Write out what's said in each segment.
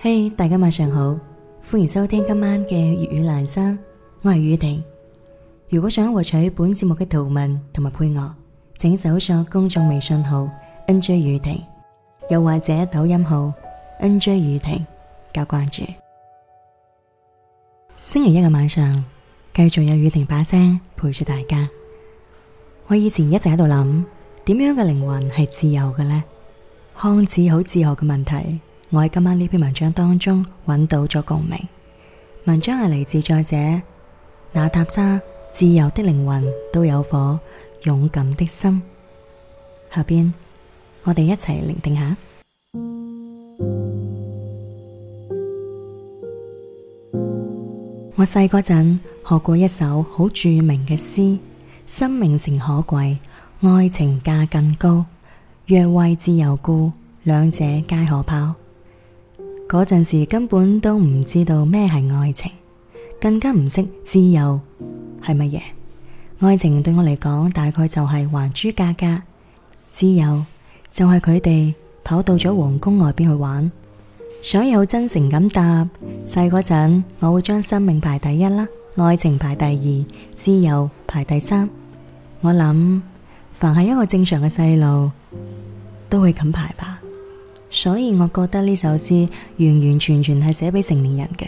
嘿，hey，大家晚上好，歡迎收聽今晚嘅粵語蘭生，我係宇婷。如果想獲取本節目嘅圖文同埋配樂，請搜索公眾微信號 NJ 宇婷，又或者抖音號 NJ 宇婷，加關注。星期一嘅晚上，繼續有宇婷把聲陪住大家。我以前一直喺度諗，點樣嘅靈魂係自由嘅呢？看似好自豪嘅問題。我喺今晚呢篇文章當中揾到咗共鳴。文章係嚟自作者那塔沙，《自由的靈魂都有顆勇敢的心》。下邊我哋一齊聆聽下。 我細嗰陣學過一首好著名嘅詩：生命誠可貴，愛情價更高，若為自由故，兩者皆可拋。嗰陣時根本都唔知道咩係愛情，更加唔識自由係乜嘢。愛情對我嚟講大概就係還珠格格，自由就係佢哋跑到咗皇宮外邊去玩。所以真誠咁答，細嗰陣我會將生命排第一啦，愛情排第二，自由排第三。我諗凡係一個正常嘅細路都會咁排吧。所以我覺得呢首詩完完全全係寫俾成年人嘅。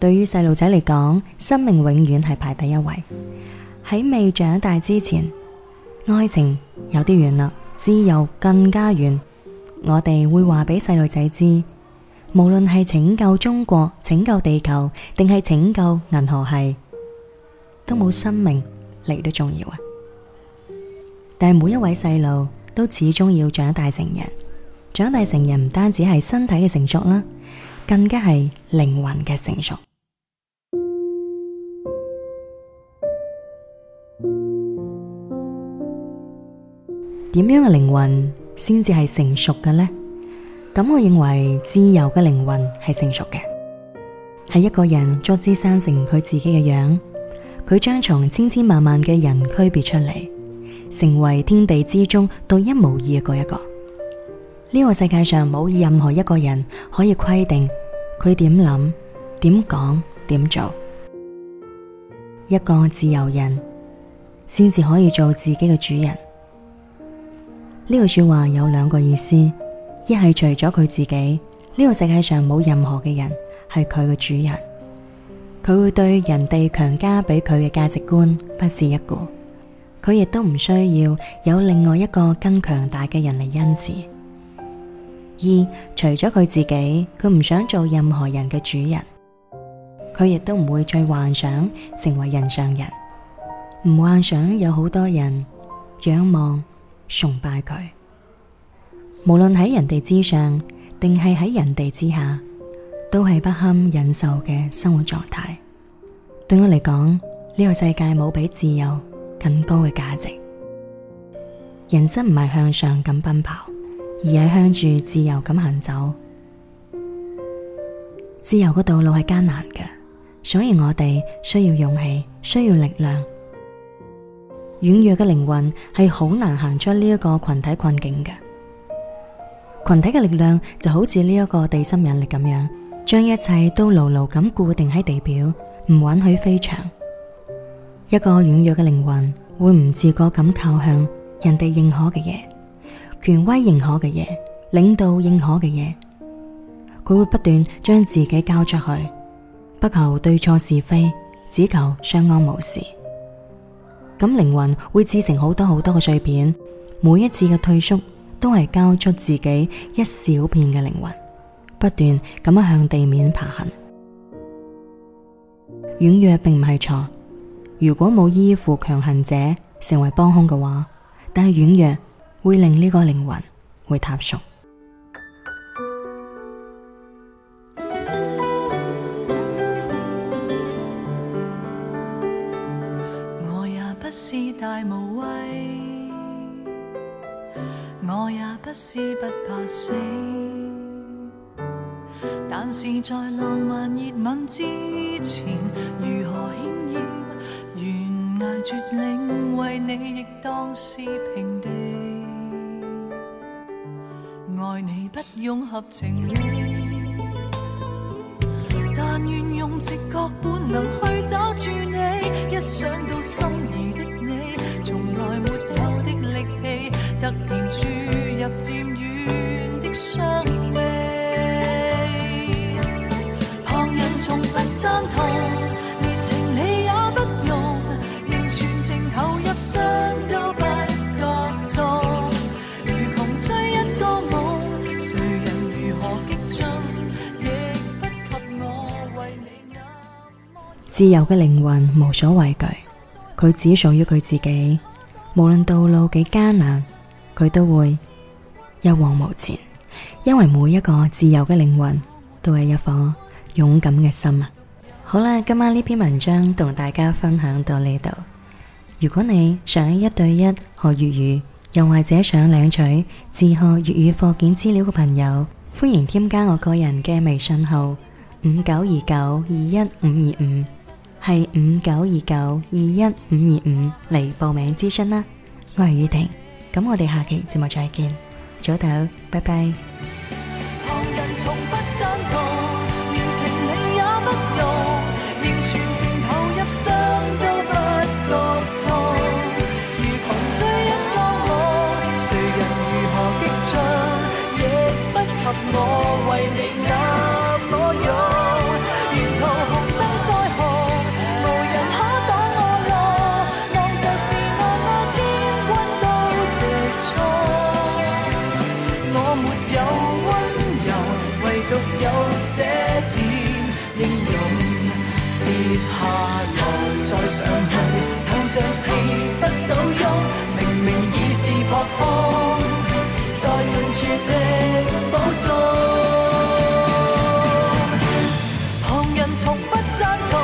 對於細路仔嚟講，生命永遠係排第一位。喺未長大之前，愛情有啲遠啦，自由更加遠。我哋會話俾細路仔知，無論係拯救中國、拯救地球，定係拯救銀河系，都冇生命嚟得重要啊！但係每一位細路都始終要長大成人，長大成人唔單止係身體嘅成熟啦，更加係靈魂嘅成熟。點 樣嘅靈魂先至係成熟嘅呢？咁我認為自由嘅靈魂係成熟嘅，係一個人作之生成佢自己嘅樣，佢將從千千萬萬嘅人區別出嚟。成為天地之中獨一無二嘅嗰一個，呢個世界上冇任何一個人可以規定佢點諗、點講、點做。一個自由人先至可以做自己嘅主人。呢個說話有兩個意思，一係除咗佢自己，呢個世界上冇任何嘅人係佢嘅主人，佢會對人哋強加俾佢嘅價值觀不屑一顧。佢亦都唔需要有另外一個更強大嘅人嚟恩賜。二除咗佢自己，佢唔想做任何人嘅主人。佢亦都唔會再幻想成為人上人，唔幻想有好多人仰望崇拜佢。無論喺人哋之上，定係喺人哋之下，都係不堪忍受嘅生活狀態。對我嚟講，呢個世界冇比自由更高嘅價值，人生唔係向上咁奔跑，而係向住自由咁行走。自由嘅道路係艱難嘅，所以我哋需要勇氣，需要力量。軟弱嘅靈魂係好難行出呢一個群體困境嘅。群體嘅力量就好似呢一個地心引力咁樣，將一切都牢牢咁固定喺地表，唔允許飛翔。一個軟弱嘅靈魂會唔自覺咁靠向人哋認可嘅嘢，權威認可嘅嘢，領導認可嘅嘢，佢會不斷將自己交出去，不求對錯是非，只求相安無事。咁靈魂會製成好多好多嘅碎片，每一次嘅退縮都係交出自己一小片嘅靈魂，不斷咁樣向地面爬行。軟弱並唔係錯，如果冇依附強橫者成為幫兇嘅話，但係軟弱會令呢個靈魂會塌縮。 我也不是大無畏，我也不是不怕死，但是在浪漫熱吻之前，如何輕易？懸崖絕嶺為你亦當是平地，愛你不用合情理，但願用直覺本能去抓住你。一想到心儀的你，從來沒有的力氣，突然注入漸遠的生命。旁人從不贊同。自由嘅靈魂無所畏懼，佢只屬於佢自己。無論道路幾艱難，佢都會一往無前。因為每一個自由嘅靈魂都係一顆勇敢嘅心啊！好啦，今晚呢篇文章同大家分享到呢度。如果你想一對一學粵語，又或者想領取自學粵語課件資料嘅朋友，歡迎添加我個人嘅微信號五九二九二一五二五。係五九二九二一五二五嚟報名諮詢啦，我係宇婷，咁我哋下期節目再見，早唞，拜拜。上去就像是不倒翁，明明已是撲空，再盡全力保重。旁人從不贊同。